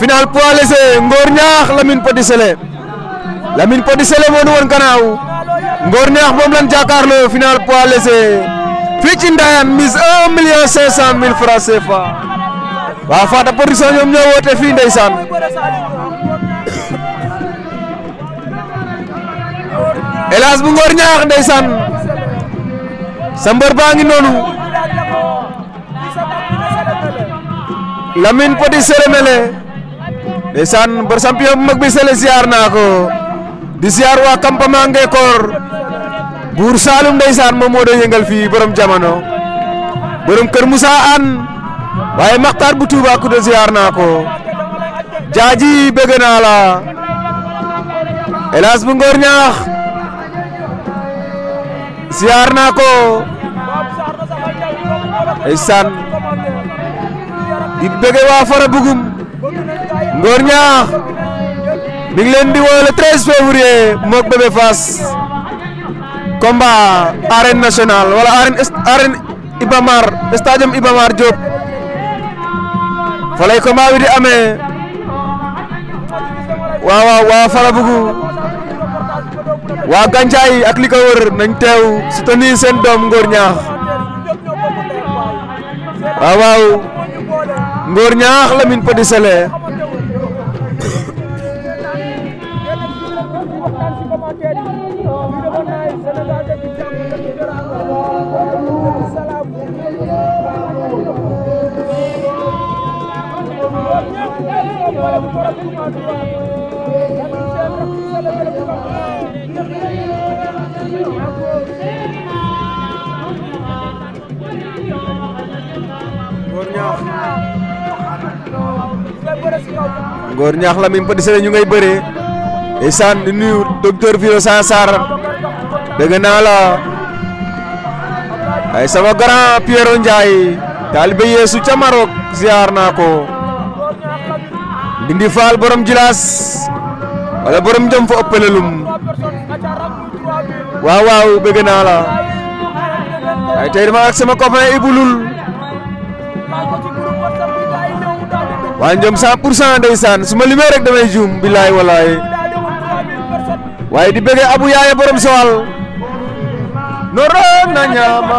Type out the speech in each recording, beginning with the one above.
final poids léger Ngor Niakh Lamine Petit Sélé Lamine Petit Sélé moo nu woon gannaaw Ngor Niakh moom lan jàkkaarloo final poids léger fii ci Ndayane mise million 500 mille francs CFA waaw Fata production ñoom ñoo woote fii ndeysaan hélas bu Ngor Niakh ndeysaan sa mbër baa ngi noonu Lamine Petit Sélé Mélé ndeysaan ba champion bu mag bi sele naa ko di ziar waa campement Ngékor buur Saalum ndeysaan moom moo doon yëngal fii borom jamono borom kër Moussa Anne waaye Maxtaar bu Tuuba ku de ziar naa ko jaaji bëgg naa la hélas bu ngor ñaax ziar naa ko ndeysaan di bëgg waa fara bugum gornya mi ngi len di woo le 13 février mok Bébé Fass combat arène nationale wala arène arène Ibamar stade Ibamar Diop fa lay combat bi di wa wa waaw waa bugu wa ganjay ak liko wër nañ tew ci seen sen dom gornya wa wa gornya Lamine Ngor ñaax la mi Petit Sélé ñu ngay bëree ndeysaan di nuyu docteur Firo Sansar dégg naa la ay sama grand Pierrot Ndiaye taalibe Yeesu ca Maroc ziar naa ko Indi fal borom Jilas wala borom jëm fa ëppalelum waaw waaw bëgg la ay tey dama ak sama copain ibulul wa waa 100 pour suma limé rek damay joom billahi wallahi waye di bëggee abou Yaaya borom sawal no roog na ñaama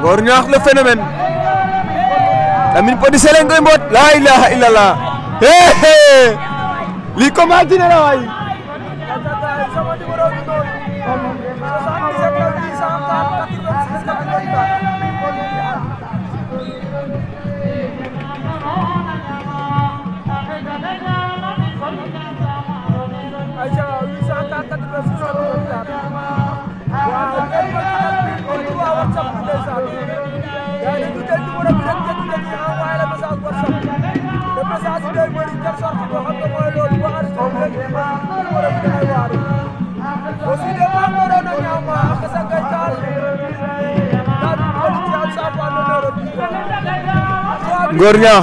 Ngor Niakh le phénomène Lamine Patissé leen koy mboot la ilaha illallah lii combat dina la waay Ngor Ñaa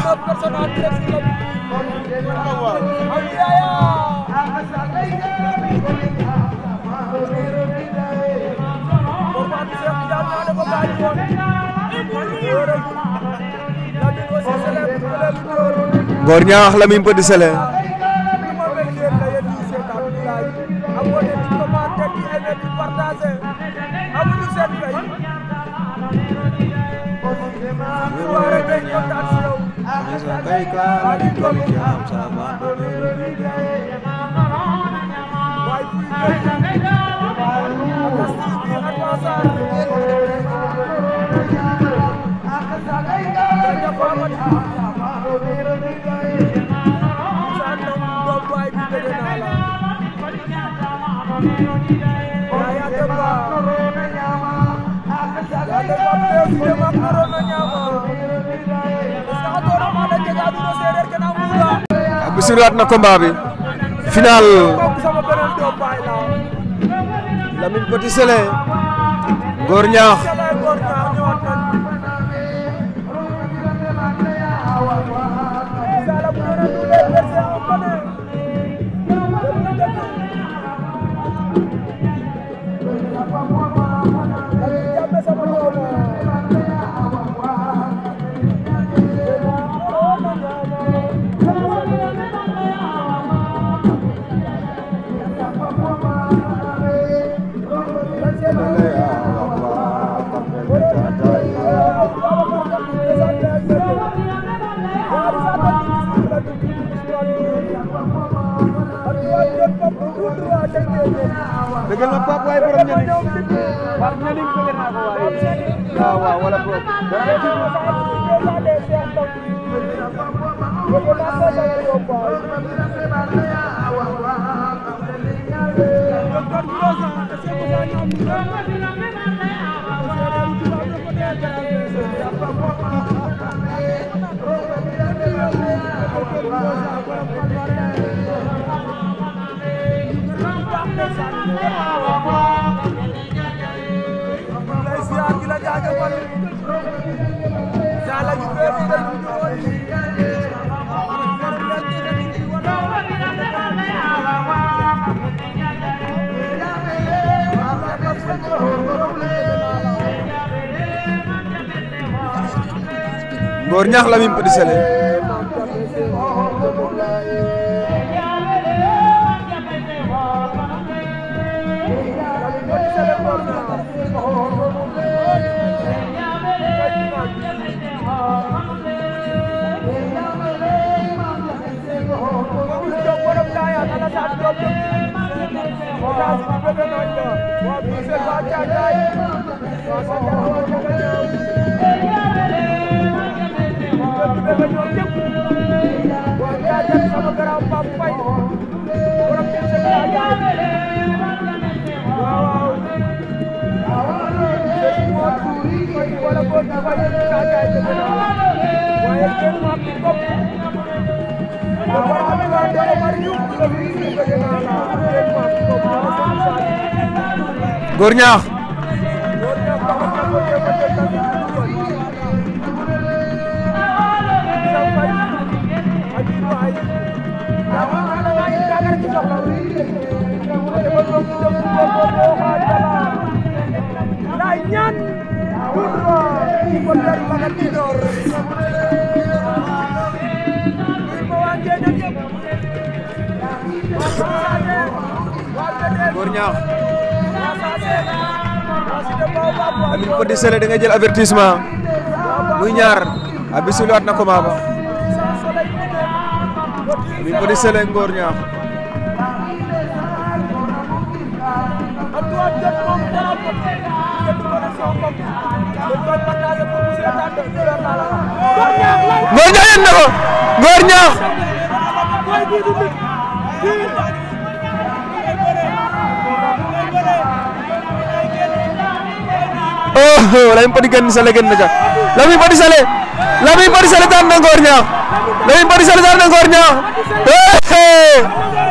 Ngor Ñaa wax Lamine Petit i kala Thank you. arbitre waat na combat bi final Lamine Petit Sélé Ngor Niakh Gala pa po ay pero niya ning. Par niya ning Thank you. Ngor ñax Lamine Petit Sélé Thank you. la ñaax telepon dari paket tidur góor amin ko di sele da nga jël avertissement muy ñaar abisulat na amin ko di sele am doon jot moom dalal ko jënd connexion comme dañ koy partagé pour mu seetaan def erreur la la. góor ñaax yéen na ko góor ñaax. mooy bii du nit bii. oh Lamine Petit Gane Sélé gën na